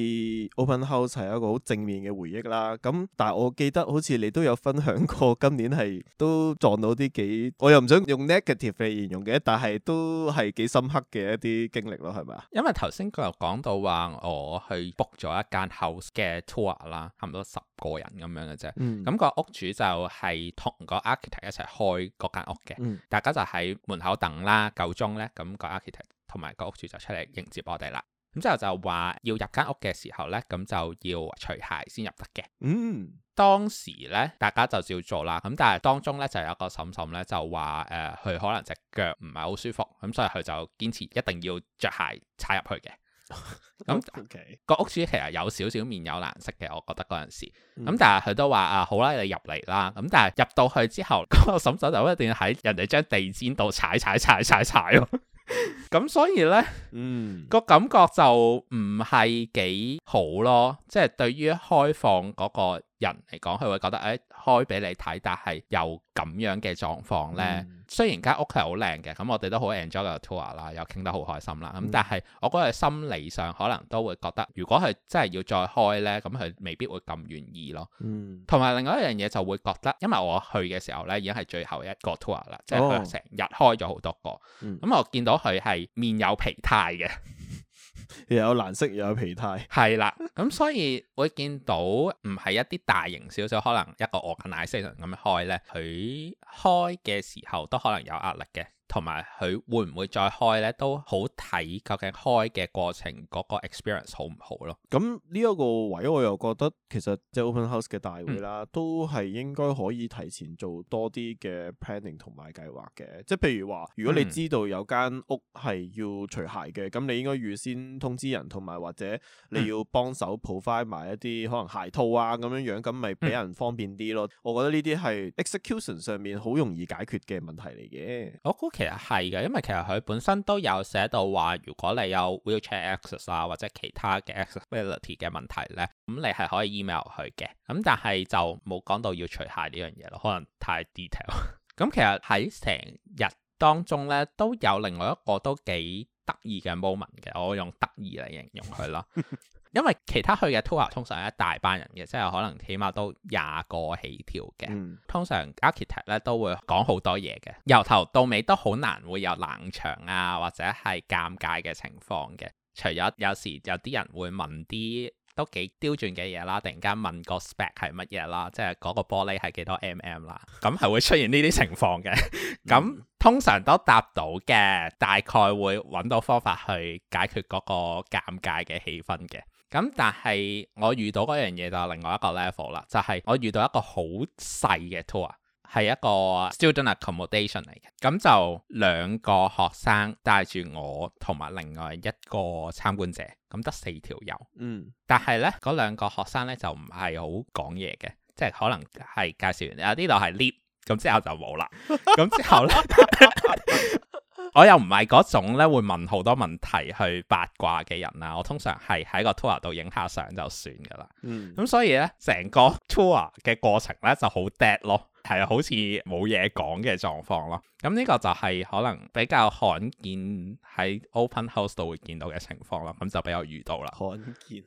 Open House 係一個好正面嘅回憶啦。咁，但我記得好似你都有分享過，今年係都撞到啲幾，我又唔想用 negative 嚟形容嘅，但係都係幾深刻嘅一啲經歷咯，係咪啊？因為頭先佢又講到話，我去 book 咗一間 house 嘅 tour 啦，差唔多十個人咁樣嘅啫。咁個屋主就係同個 architect 一齊開嗰間屋嘅，大家就喺門口等啦。夠鐘咧，咁。同埋個屋主就出嚟迎接我哋啦，咁之後就話要入間屋嘅時候呢，咁就要除鞋先入得嘅。嗯，當時呢，大家就照做啦。咁但係當中呢，就有一個嬸嬸咧就話誒，佢、呃、可能隻腳唔係好舒服，咁所以佢就堅持一定要着鞋踩入去嘅。咁個屋主其實有少少面有難色嘅，我覺得嗰陣時。咁、嗯、但係佢都話啊，好啦，你入嚟啦。咁但係入到去之後，個嬸嬸就一定要喺人哋張地氈度踩踩踩踩踩咯。咁 所以呢嗯，個感覺就唔係幾好咯，即係對於開放嗰、嗰個。人嚟講，佢會覺得誒、哎、開俾你睇，但係有咁樣嘅狀況呢。嗯、雖然間屋係好靚嘅，咁我哋都好 enjoy 個 tour 啦，又傾得好開心啦。咁、嗯、但係我覺得心理上可能都會覺得，如果佢真係要再開呢，咁佢未必會咁願意咯。同埋、嗯、另外一樣嘢就會覺得，因為我去嘅時候呢已經係最後一個 tour 啦，即係佢成日開咗好多個，咁、哦嗯嗯、我見到佢係面有疲態嘅。又 有藍色又有皮帶，係 啦，咁所以會見到唔係一啲大型少少，可能一個我嘅 Nice 咁樣開呢。佢開嘅時候都可能有壓力嘅。同埋佢會唔會再開呢？都好睇究竟開嘅過程嗰、嗰個 experience 好唔好咯。咁呢一個位我又覺得，其實即係 open house 嘅大會啦，嗯、都係應該可以提前做多啲嘅 planning 同埋計劃嘅。即係譬如話，如果你知道有間屋係要除鞋嘅，咁、嗯、你應該預先通知人，同埋或者你要幫手 provide 埋一啲可能鞋套啊咁樣樣，咁咪俾人方便啲咯。嗯、我覺得呢啲係 execution 上面好容易解決嘅問題嚟嘅。Oh, cool. 其實係嘅，因為其實佢本身都有寫到話，如果你有 wheelchair access 啊或者其他嘅 accessibility 嘅問題咧，咁你係可以 email 佢嘅。咁但係就冇講到要除鞋呢樣嘢咯，可能太 detail。咁 其實喺成日當中咧，都有另外一個都幾得意嘅 moment 嘅，我用得意嚟形容佢啦。 因為其他去嘅 tour 通常一大班人嘅，即係可能起碼都廿個起跳嘅。嗯、通常 architect 咧都會講好多嘢嘅，由頭到尾都好難會有冷場啊，或者係尷尬嘅情況嘅。除咗有時有啲人會問啲都幾刁鑽嘅嘢啦，突然間問個 spec 係乜嘢啦，即係嗰個玻璃係幾多 mm 啦，咁係會出現呢啲情況嘅。咁、嗯、 通常都答到嘅，大概會揾到方法去解決嗰個尷尬嘅氣氛嘅。咁但係我遇到嗰樣嘢就係另外一個 level 啦，就係、是、我遇到一個好細嘅 tour，係一個 student accommodation 嚟嘅，咁就兩個學生帶住我同埋另外一個參觀者，咁得四條友。嗯，但係呢嗰兩個學生呢就，就唔係好講嘢嘅，即係可能係介紹完呢度係 lift，咁之後就冇啦。咁之後呢。 我又唔係嗰種咧，會問好多問題去八卦嘅人啦，我通常係喺個 tour 度影下相就算噶啦。嗯，咁所以咧，成個 tour 嘅過程咧就好 dead 咯，係好似冇嘢講嘅狀況咯。咁呢個就係可能比較罕見喺 Open House 度會見到嘅情況咯。咁就比較遇到啦。罕見。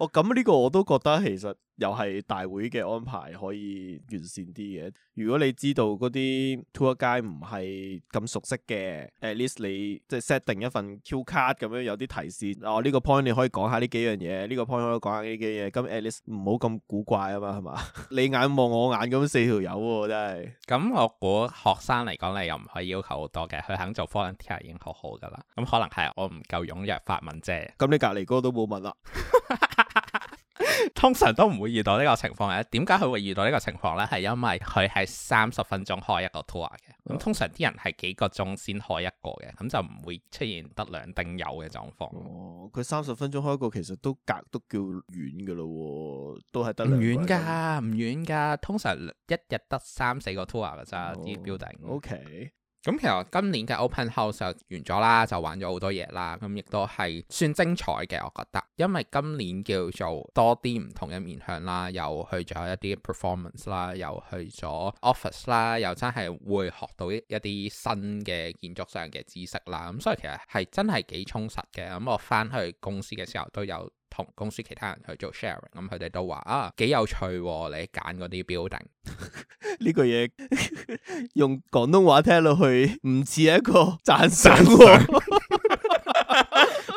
我咁呢個我都覺得其實又係大會嘅安排可以完善啲嘅。如果你知道嗰啲 two 一街唔係咁熟悉嘅，at least 你即係 set 定一份 Q 卡咁樣有啲提示。哦，呢、這個 point 你可以講下呢幾樣嘢，呢、這個 point 可以講下呢幾樣嘢。咁 at least 唔好咁古怪啊嘛，係嘛？ 你眼望我眼咁四條友喎，真係。咁、嗯、我估學生嚟講你又唔可以要求好多嘅，佢肯做 f o r e i n t e e r 已經好好㗎啦。咁、嗯、可能係我唔夠勇入法文啫。咁、嗯、你隔離哥都冇問啦。 通常都唔會遇到呢個情況嘅，點解佢會遇到呢個情況呢？係因為佢係三十分鐘開一個 tour 嘅，咁、oh. 通常啲人係幾個鐘先開一個嘅，咁就唔會出現得兩丁友嘅狀況。哦，佢三十分鐘開一個其實都隔都，都叫遠噶咯，都係得唔遠噶，唔遠噶，通常一日得三四個 tour 噶咋啲 building。O、oh. K buildings。Okay. 咁其實今年嘅 Open House 就完咗啦，就玩咗好多嘢啦，咁亦都係算精彩嘅，我覺得，因為今年叫做多啲唔同嘅面向啦，又去咗一啲 performance 啦，又去咗 office 啦，又真係會學到一啲新嘅建築上嘅知識啦，咁所以其實係真係幾充實嘅，咁我翻去公司嘅時候都有。同公司其他人去做 sharing，咁佢哋都話啊，幾有趣、哦，你揀嗰啲 building 呢句嘢，用廣東話聽落去唔似一個讚賞，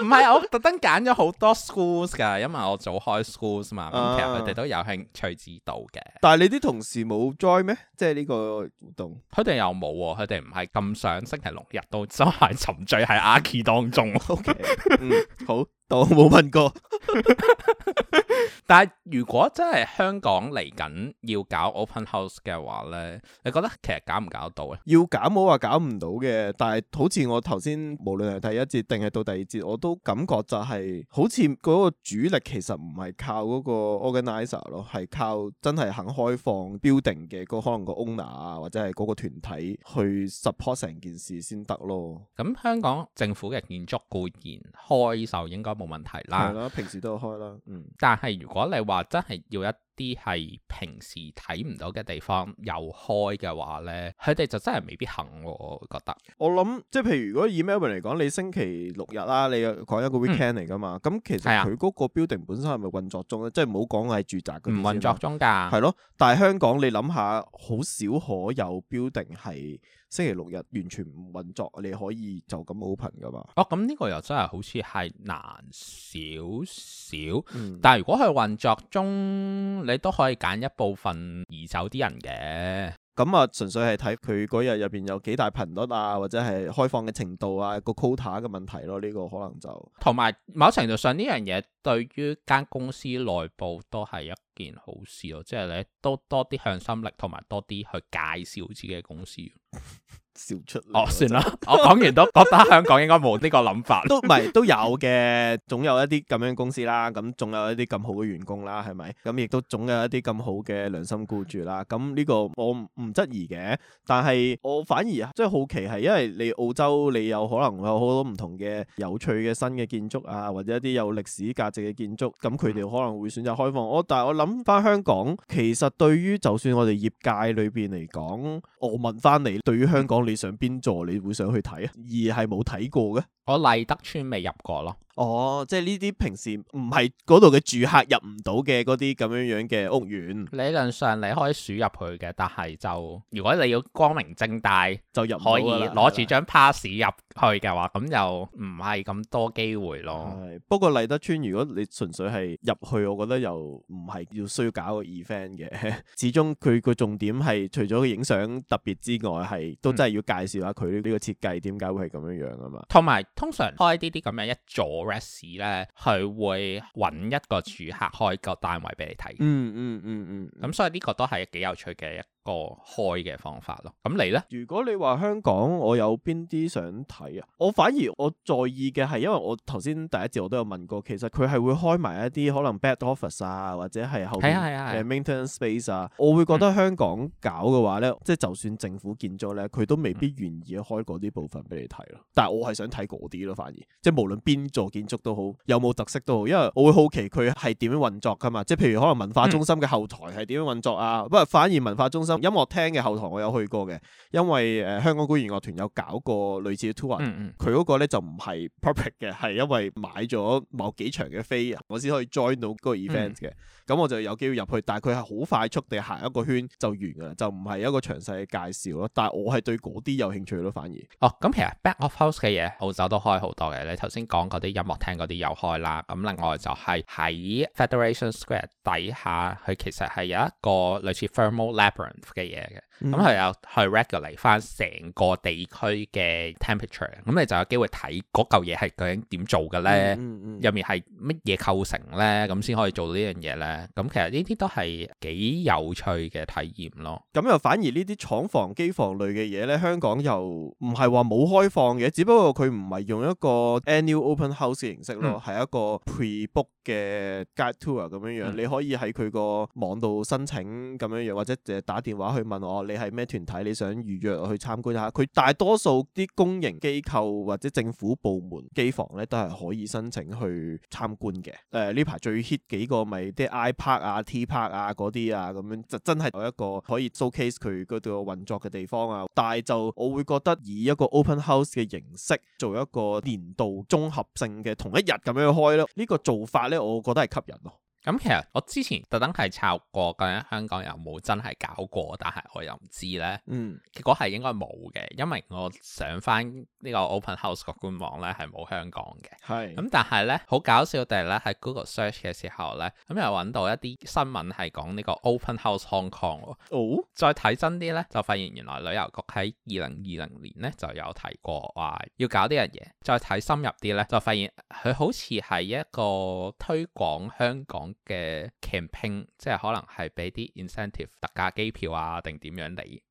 唔係我特登揀咗好多 schools 噶，因為我早開 schools 嘛，咁、嗯啊、其實佢哋都有興趣知道嘅。但係你啲同事冇 join 咩？即係呢個活動，佢哋又冇、哦，佢哋唔係咁想星期六日都真係沉醉喺 archi 當中。 o、okay, K，、嗯、好。我冇問過， 但係如果真係香港嚟緊要搞 open house 嘅話咧，你覺得其實搞唔搞得到啊？要搞冇話搞唔到嘅，但係好似我頭先，無論係第一節定係到第二節我都感覺就係、是、好似個主力其實唔係靠個 organizer 咯，係靠真係肯開放 building 嘅個可能個 owner 啊，或者係個團體去 support 成件事先得咯。咁香港政府嘅建築固然開售應該冇。冇問題啦，係咯，平時都有開啦，嗯。但係如果你話真係要一啲係平時睇唔到嘅地方又開嘅話咧，佢哋就真係未必肯。我覺得。我諗即係譬如如果 email 嚟講，你星期六日啦，你講一個 weekend 嚟噶嘛，咁、嗯、其實佢嗰個 building 本身係咪運作中咧？即係唔好講係住宅，唔運作中㗎，係咯。但係香港你諗下，好少可有 building 係。星期六日完全唔運作，你可以就咁 open 噶嘛？哦，咁呢個又真係好似係難少少，嗯、但係如果係運作中，你都可以揀一部分移走啲人嘅。咁啊，純粹係睇佢嗰日入邊有幾大頻率啊，或者係開放嘅程度啊，個 quota 嘅問題咯、啊，呢、呢個可能就同埋某程度上呢樣嘢對於間公司內部都係一件好事咯，即係你都多啲向心力，同埋多啲去介紹自己嘅公司。 笑出嚟哦，算啦， 我講完都，我覺得香港應該冇呢個諗法 都，都唔係都有嘅，總有一啲咁樣公司啦，咁總有一啲咁好嘅員工啦，係咪？咁亦都總有一啲咁好嘅良心僱主啦，咁呢個我唔質疑嘅，但係我反而即係好奇，係因為你澳洲你有可能有好多唔同嘅有趣嘅新嘅建築啊，或者一啲有歷史價值嘅建築，咁佢哋可能會選擇開放。哦，但我但係我諗翻香港，其實對於就算我哋業界裏邊嚟講，我問翻嚟，對於香港。你上邊座？你會想去睇啊？而，係冇睇過嘅，我勵德邨未入過咯。哦，即係呢啲平時唔係嗰度嘅住客入唔到嘅嗰啲咁樣樣嘅屋苑，理論上你可以鼠入去嘅，但係就如果你要光明正大就入了了可以攞住張 pass 入去嘅話，咁的就唔係咁多機會咯。不過勵德邨如果你純粹係入去，我覺得又唔係要需要搞個 event 嘅， 始終佢個重點係除咗影相特別之外，係都真係要介紹下佢呢個設計點解會係咁樣樣啊嘛。同埋、嗯、通常開呢啲咁樣一座。Res 呢，佢會揾一個住客開個單位俾你睇，嗯。嗯嗯嗯嗯。咁、嗯、所以呢個都係幾有趣嘅。個開嘅方法咯，咁你咧？如果你話香港，我有邊啲想睇啊？我反而我在意嘅係，因為我頭先第一節我都有問過，其實佢係會開埋一啲可能 bad office 啊，或者係後面 maintenance space 啊，我會覺得香港搞嘅話咧，即係就算政府建築咧，佢都未必願意開嗰啲部分俾你睇咯。但係我係想睇嗰啲咯，反而即係無論邊座建築都好，有冇特色都好，因為我會好奇佢係點樣運作噶嘛。即係譬如可能文化中心嘅後台係點樣運作啊？不過，反而文化中心。音樂廳嘅後台我有去過嘅，因為誒香港管弦樂團有搞過類似嘅 tour，佢嗰、嗯嗯、個咧就唔係 private 嘅，係因為買咗某幾場嘅飛，我先可以 join 到嗰個 event 嘅。咁、嗯嗯、我就有機會入去，但係佢係好快速地行一個圈就完㗎啦，就唔係一個詳細嘅介紹咯。但係我係對嗰啲有興趣咯，反而。哦，咁其實 back of house 嘅嘢澳洲都開好多嘅。你頭先講嗰啲音樂廳嗰啲有開啦，咁另外就係、是、喺 Federation Square 底下，佢其實係有一個類似 Thermal Labyrinth 嘅嘢嘅，咁係有去 regulate 翻成個地區嘅 temperature，咁你就有機會睇嗰嚿嘢係究竟點做嘅咧，入、嗯嗯、面係乜嘢構成咧，咁先可以做到呢樣嘢咧。咁其實呢啲都係幾有趣嘅體驗咯。咁又反而呢啲廠房、機房類嘅嘢咧，香港又唔係話冇開放嘅，只不過佢唔係用一個 annual open house 形式咯，係、嗯、一個 pre-book 嘅 guide tour 咁樣樣，嗯、你可以喺佢個網度申請咁樣樣，或者就打電。電話去問我，你係咩團體？你想預約我去參觀下佢？大多數啲公營機構或者政府部門機房咧，都係可以申請去參觀嘅。誒呢排最 hit 幾個咪啲 iPad 啊、T-Park 啊嗰啲啊，咁、啊、樣就真係有一個可以 showcase 佢嗰度運作嘅地方啊。但係就我會覺得以一個 open house 嘅形式做一個年度綜合性嘅同一日咁樣去開咧，呢、這個做法咧，我覺得係吸引咯。咁其實我之前特登係抄過，究竟香港有冇真係搞過，但係我又唔知呢，嗯，結果係應該冇嘅，因為我上翻呢個 Open House 個官網呢，係冇香港嘅。係是。咁但係呢，好搞笑地咧，喺 Google search 嘅時候呢，咁又揾到一啲新聞係講呢個 Open House Hong Kong。哦。再睇真啲呢，就發現原來旅遊局喺二零二零年呢就有提過話要搞啲樣嘢。再睇深入啲呢，就發現佢好似係一個推廣香港嘅 campaign 即係可能係俾啲 incentive 特價機票啊定點樣嚟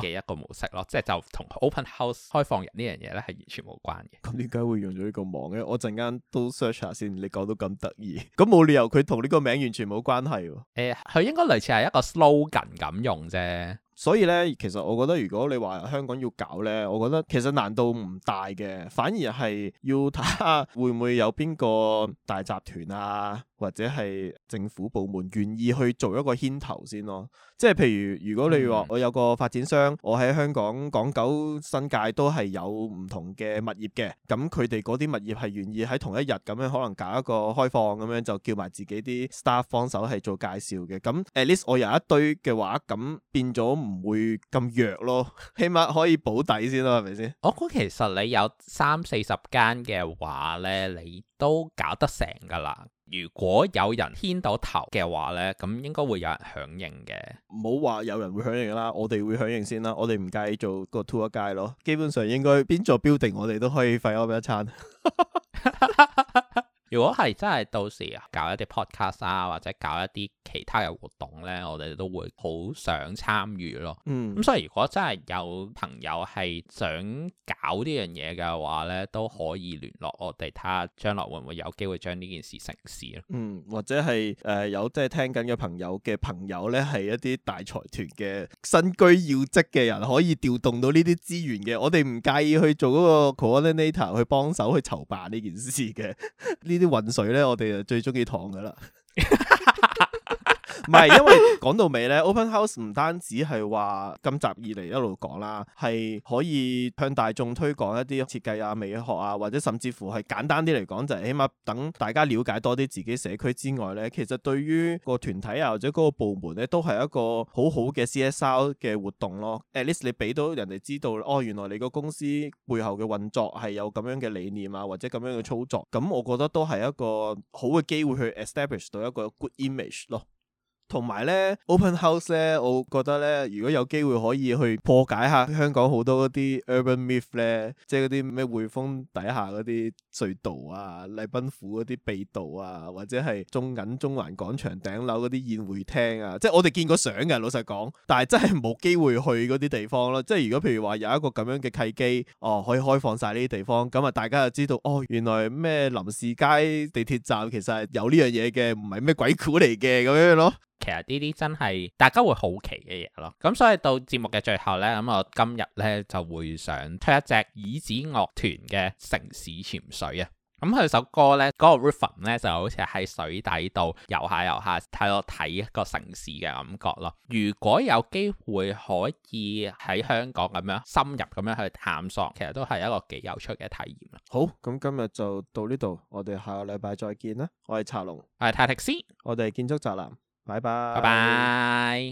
嘅一個模式咯，啊、即係就同 open house 開放日呢樣嘢咧係完全冇關嘅。咁點解會用咗呢個網咧？我陣間都 search 下先，你講到咁得意，咁 冇理由佢同呢個名完全冇關係喎。誒、欸，佢應該類似係一個 slogan 咁用啫。所以咧，其實我覺得如果你話香港要搞咧，我覺得其實難度唔大嘅，反而係要睇下會唔會有邊個大集團啊？或者係政府部門願意去做一個牽頭先咯，即係譬如如果你話我有個發展商，我喺香港港九新界都係有唔同嘅物業嘅，咁佢哋嗰啲物業係願意喺同一日咁樣可能搞一個開放，咁樣就叫埋自己啲 staff 幫手係做介紹嘅，咁 at least 我有一堆嘅話，咁變咗唔會咁弱咯，起碼可以保底先咯，係咪先？我估其實你有三四十間嘅話咧，你都搞得成噶啦。如果有人牽到頭嘅話呢，咁應該會有人響應嘅。唔好話有人會響應啦，我哋會響應先啦。我哋唔介意做個 tour guide 咯。基本上應該邊座 building，我哋都可以費歐一餐。 如果係真係到時搞一啲 podcast 啊，或者搞一啲其他嘅活動咧，我哋都會好想參與咯。嗯，咁所以如果真係有朋友係想搞呢樣嘢嘅話咧，都可以聯絡我哋睇下將來會唔會有機會將呢件事成事啊。嗯，或者係誒、呃、有即係聽緊嘅朋友嘅朋友咧，係一啲大財團嘅身居要職嘅人，可以調動到呢啲資源嘅，我哋唔介意去做嗰個 coordinator 去幫手去籌辦呢件事嘅呢。 啲渾水咧，我哋就最中意糖噶啦。唔係， 因為講到尾咧，Open House 唔單止係話今集以嚟一路講啦，係可以向大眾推廣一啲設計啊、美學啊，或者甚至乎係簡單啲嚟講，就係起碼等大家了解多啲自己社區之外咧，其實對於個團體啊或者嗰個部門咧，都係一個好好嘅 CSR 嘅活動咯。At least 你俾到人哋知道，哦，原來你個公司背後嘅運作係有咁樣嘅理念啊，或者咁樣嘅操作，咁我覺得都係一個好嘅機會去 establish 到一個 good image 咯。同埋咧，Open House 咧，我覺得咧，如果有機會可以去破解下香港好多嗰啲 urban myth 咧，即係嗰啲咩匯豐底下嗰啲隧道啊，禮賓府嗰啲秘道啊，或者係中銀中環廣場頂樓嗰啲宴會廳啊，即係我哋見過相嘅，老實講，但係真係冇機會去嗰啲地方咯。即係如果譬如話有一個咁樣嘅契機，哦，可以開放晒呢啲地方，咁啊，大家就知道哦，原來咩林士街地鐵站其實係有呢樣嘢嘅，唔係咩鬼故嚟嘅咁樣咯。其實呢啲真係大家會好奇嘅嘢咯，咁所以到節目嘅最後呢，咁我今日呢就會想推一隻椅子樂團嘅《城市潛水》啊，咁佢首歌呢嗰、那個 Riffen 呢，就好似喺水底度游下游下，睇我睇一個城市嘅感覺咯。如果有機會可以喺香港咁樣深入咁樣去探索，其實都係一個幾有趣嘅體驗啦。好，咁今日就到呢度，我哋下個禮拜再見啦。我係茶龍，我係泰迪斯，我哋建築宅男。拜拜。